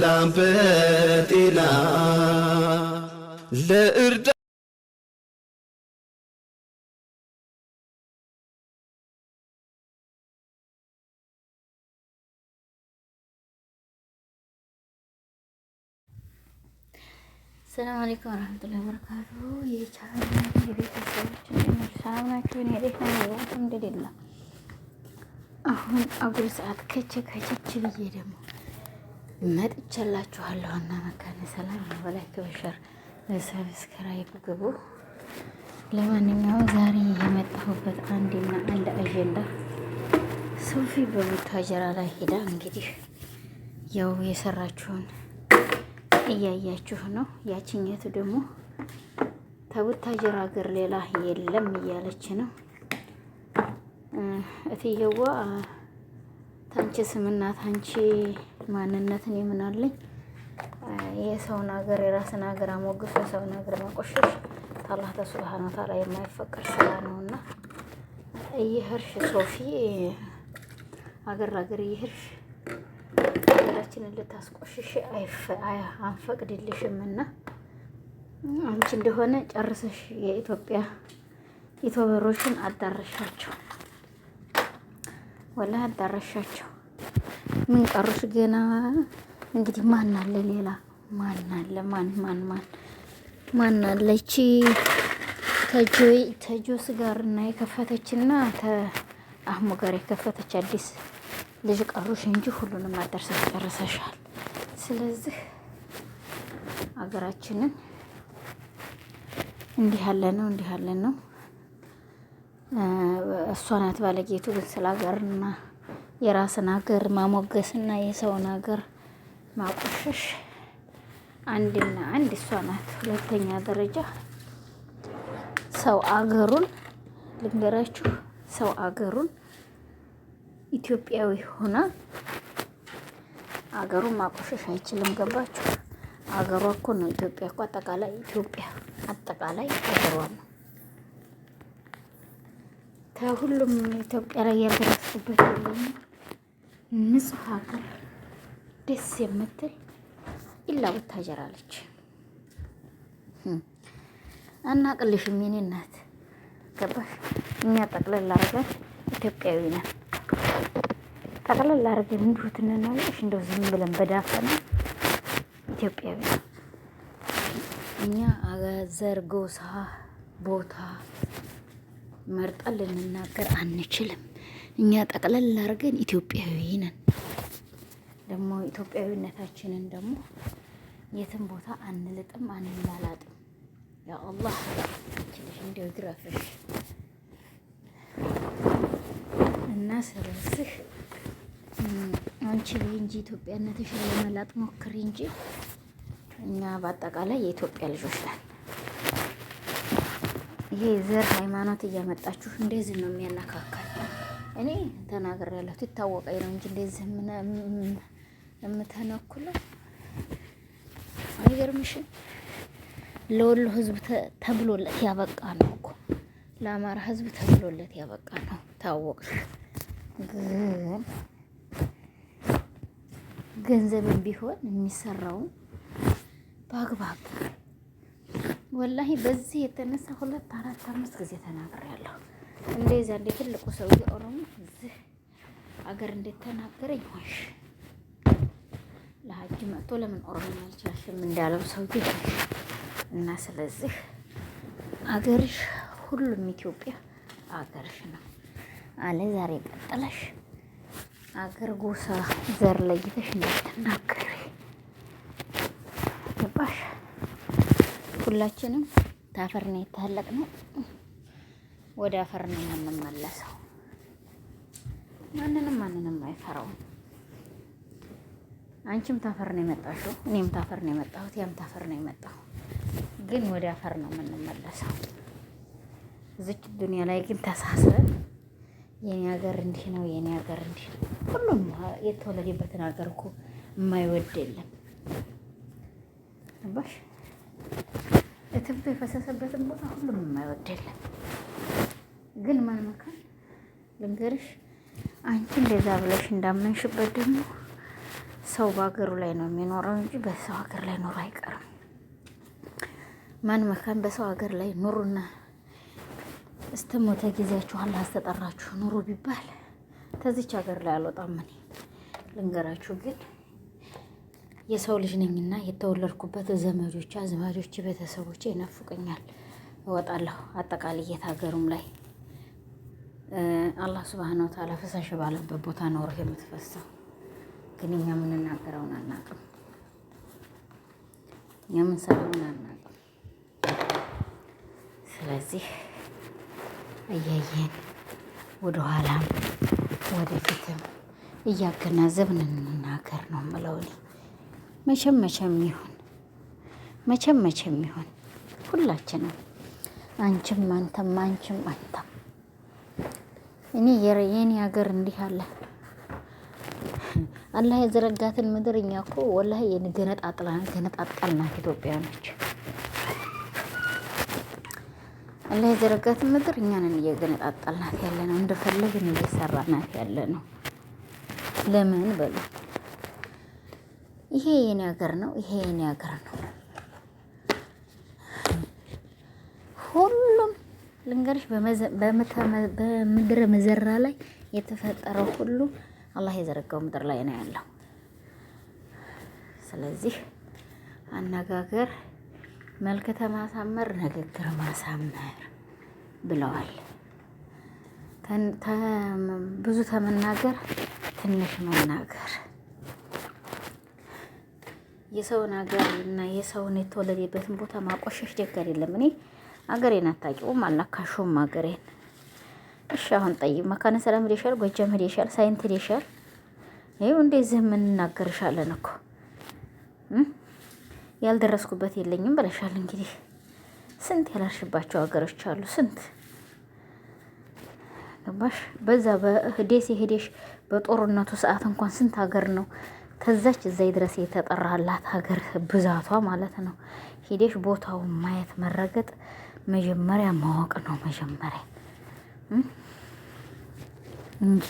በሰላም በጤና ለእርዳ ሰላም አለይኩም ወራህመቱላሂ ወበረካቱ። የቻናል የቤተሰቦች ሰላም ናችሁ? እኔ ደህና ነኝ አልሐምዱሊላህ። አሁን አጉል ሰዓት ከቼ ከቼ ብዬ ደግሞ መጥቻላችኋለሁ እና መካነ ሰላም በላይክ በሸር ሰብስክራይብ ግቡ። ለማንኛውም ዛሬ የመጣሁበት አንድና አንድ አጀንዳ ሶፊ በቡታጀራ ላይ ሄዳ እንግዲህ ያው የሰራችሁን እያያችሁ ነው። ያችኘቱ ደግሞ ተቡታጀራ ሀገር ሌላ የለም እያለች ነው። እትየዋ ታንቺ ስምና ታንቺ ማንነትን የምናለኝ ምን አለኝ? የሰውን ሀገር የራስን ሀገር አሞግፍ የሰውን ሀገር መቆሸሽ ታላህ ተሱብሃነ ታላ የማይፈቀድ ስራ ነው ነውና እየሄድሽ ሶፊ አገር አገር እየሄድሽ ሀገራችንን ልታስቆሽሽ አንፈቅድልሽም እና አንቺ እንደሆነ ጨርሰሽ የኢትዮጵያ ኢትዮበሮችን አዳረሻቸው ወላ አዳረሻቸው። ምን ቀሩሽ ገና? እንግዲህ ማን አለ ሌላ ማን አለ? ማን ማን ማን ማን አለች? ተጆስ ጋር እና የከፈተችና አህሙ ጋር የከፈተች አዲስ ልጅ ቀሩሽ እንጂ ሁሉንም አደርሰሽ ጨርሰሻል። ስለዚህ አገራችንን እንዲህ ያለ ነው እንዲህ ያለ ነው። እሷ ናት ባለጌቱ ግን ስለ አገርና የራስን ሀገር ማሞገስና የሰውን ሀገር ማቆሸሽ አንድና አንድ እሷ ናት። ሁለተኛ ደረጃ ሰው አገሩን ልንገራችሁ፣ ሰው አገሩን ኢትዮጵያዊ ሆና አገሩን ማቆሸሽ አይችልም። ገባችሁ? አገሯ እኮ ነው ኢትዮጵያ እኮ አጠቃላይ ኢትዮጵያ አጠቃላይ አገሯ ነው። ከሁሉም ኢትዮጵያ ላይ ያልደረስኩበት የለኝም። ንጹህ ሀገር ደስ የምትል ኢላ ብታጀራለች እና ቅልሽም የኔ እናት ገባሽ። እኛ ጠቅለል አድርገን ኢትዮጵያዊ ነን። ጠቅለል አድርገን እንዲሁ ትንናለሽ እንደው ዝም ብለን ኢትዮጵያዊ ነን። እኛ ዘር፣ ጎሳ፣ ቦታ መርጠን ልንናገር አንችልም። እኛ ጠቅለል አድርገን ኢትዮጵያዊ ነን። ደግሞ ኢትዮጵያዊነታችንን ደግሞ የትም ቦታ አንልጥም፣ አንላላጥም። ያ አላህ ችልሽ እንዲያው ይግረፍሽ እና ስለዚህ አንቺ በይ እንጂ ኢትዮጵያነትሽን ለመላጥ ሞክሪ እንጂ እኛ በአጠቃላይ የኢትዮጵያ ልጆች ነን። ይሄ ዘር ሃይማኖት እያመጣችሁ እንደዚህ ነው የሚያነካካል። እኔ ተናግሬያለሁ። ትታወቀኝ ነው እንጂ እንደዚህ የምተነኩለው አይገርምሽም? ለወሎ ህዝብ ተብሎለት ያበቃ ነው እኮ ለአማራ ህዝብ ተብሎለት ያበቃ ነው። ታወቅሽ ግን ገንዘብን ቢሆን የሚሰራውን በአግባብ ወላሂ በዚህ የተነሳ ሁለት አራት አምስት ጊዜ ተናግሬያለሁ። እንደዛ እንደ ትልቁ ሰውዬ ኦሮሞ እዚህ አገር እንዴት ተናገረኝ ሆንሽ ለሀጅ መጥቶ ለምን ኦሮሞ አልቻልሽም እንዳለው ሰውዬ እና ስለዚህ አገርሽ ሁሉም ኢትዮጵያ አገርሽ ነው አለ። ዛሬ ቀጥለሽ አገር ጎሳ፣ ዘር ለይተሽ እንዳትናገሪ ገባሽ? ሁላችንም ታፈርና የተለቅ ነው። ወደ አፈር ነው የምንመለሰው። ማንንም ማንንም አይፈራውም። አንቺም ታፈር ነው የመጣሽው፣ እኔም ታፈር ነው የመጣሁት፣ ያም ታፈር ነው የመጣሁ፣ ግን ወደ አፈር ነው የምንመለሰው። እዚች ዱንያ ላይ ግን ተሳሰ የኔ ሀገር እንዲህ ነው፣ የኔ ሀገር እንዲህ ነው። ሁሉም የተወለደበትን ሀገር እኮ የማይወድ የለም። ባሽ እትብቶ የፈሰሰበትን ቦታ ሁሉም የማይወድ የለም። ግን ምን መካን ልንገርሽ፣ አንቺ እንደዛ ብለሽ እንዳመንሽበት ደግሞ ሰው በሀገሩ ላይ ነው የሚኖረው እንጂ በሰው ሀገር ላይ ኖሮ አይቀርም። ማን መካን በሰው ሀገር ላይ ኑሩና እስተሞተ ጊዜያችሁ አላህ አስተጠራችሁ ኑሩ ቢባል ተዚች ሀገር ላይ አልወጣም። እኔ ልንገራችሁ ግን የሰው ልጅ ነኝና የተወለድኩበት ዘመዶች፣ አዝማጆች፣ ቤተሰቦች ይናፍቀኛል። እወጣለሁ አጠቃላይ የት ሀገሩም ላይ አላህ ስብሃነ ወተዓላ ፈሳሽ ባለበት ቦታ ነው ሩህ የምትፈሰው። ግን እኛ የምንናገረውን አናውቅም፣ እኛ የምንሰራውን አናውቅም። ስለዚህ እያየን ወደኋላም ወደፊትም እያገናዘብን እንናገር ነው የምለው እኔ። መቼም መቼም ይሁን መቼም መቼም ይሁን ሁላችንም አንችም አንተም አንችም አንተም እኔ የኔ ሀገር እንዲህ አለ። አላህ የዘረጋትን ምድር እኛ እኮ ወላሂ የገነጣጥላን ገነጣጣልናት ነች። አላህ የዘረጋትን ምድር እኛንን እየገነጣጣልናት ያለ ነው፣ እንደፈለግን እየሰራናት ያለ ነው። ለምን በሉ ይሄ የኔ ሀገር ነው፣ ይሄ የኔ ሀገር ነው ልንገርሽ በምድረ መዘራ ላይ የተፈጠረው ሁሉ አላህ የዘረጋው ምድር ላይ ነው ያለው። ስለዚህ አነጋገር መልክተ ማሳመር ንግግር ማሳመር ብለዋል። ብዙ ተመናገር ትንሽ መናገር የሰውን ሀገር እና የሰውን የተወለደበትን ቦታ ማቆሸሽ ደግ አይደለም። እኔ አገሬን አታውቂውም አልነካሽውም አገሬን። እሺ አሁን ጠይቅ መካነ ሰላም ሄደሻል፣ ጎጃም ሄደሻል፣ ሳይንት ሄደሻል። ይኸው እንደዚህ የምንናገርሻለን እኮ ያልደረስኩበት የለኝም ብለሻል። እንግዲህ ስንት ያላልሽባቸው ሀገሮች አሉ። ስንት ገባሽ? በዛ በህዴስ የሄደሽ በጦርነቱ ሰዓት እንኳን ስንት ሀገር ነው ከዛች እዛ ድረስ የተጠራላት ሀገር ብዛቷ ማለት ነው። ሄደሽ ቦታውን ማየት መረገጥ መጀመሪያ ማወቅ ነው መጀመሪያ እንጂ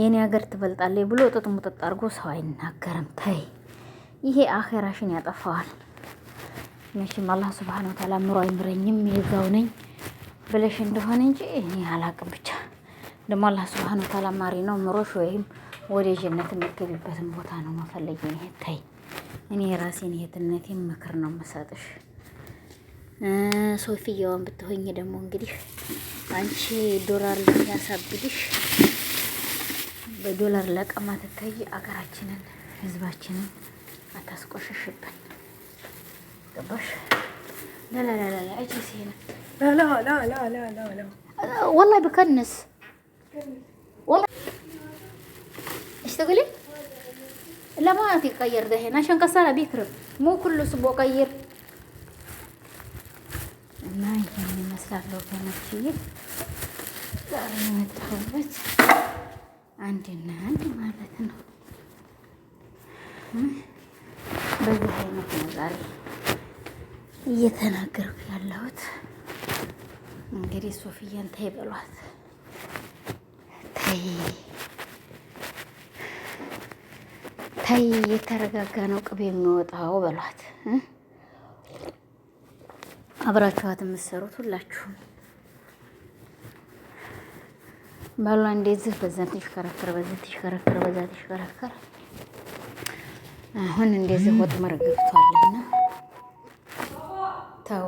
የኔ ሀገር ትበልጣለች ብሎ ጥጥ ሙጥጥ አድርጎ ሰው አይናገርም። ተይ ይሄ አኼራሽን ያጠፋዋል። መቼም አላህ ስብሓን ወተዓላ ምሮ አይምረኝም ይጋው ነኝ ብለሽ እንደሆነ እንጂ እኔ አላቅም። ብቻ ደግሞ አላህ ስብሓን ወተዓላ ማሪ ነው። ምሮሽ ወይም ወደ ጀነት የምትገቢበትን ቦታ ነው መፈለግ። ይሄ ተይ እኔ የራሴን የትነቴን ምክር ነው መሰጥሽ። ሶፊያዋን ብትሆኝ ደግሞ እንግዲህ አንቺ ዶላር ያሳብድሽ በዶላር ለቀማ ትታይ። አገራችንን ህዝባችንን አታስቆሸሽብን። ገባሽ? ወላሂ ብከንስ اشتغلي لما تغير دحين عشان كسالة بيكرم مو كل اسبوع እና ይህን ይመስላል ወገኖችዬ ዛሬ የመጣሁበት አንድና አንድ ማለት ነው። በዚህ አይነት ነው ዛሬ እየተናገርኩ ያለሁት። እንግዲህ ሶፊያን ተይ በሏት፣ ተይ ተይ፣ የተረጋጋ ነው ቅቤ የሚወጣው በሏት። አብራችኋት የምትሰሩት ሁላችሁም ባሏ እንደዚህ በዛ ተሽከረከረ፣ በዛ ተሽከረከረ፣ በዛ ተሽከረከረ። አሁን እንደዚህ ወጥመር ገብቷልና ተው።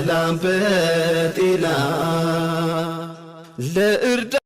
በሰላም በጤና ለእርዳ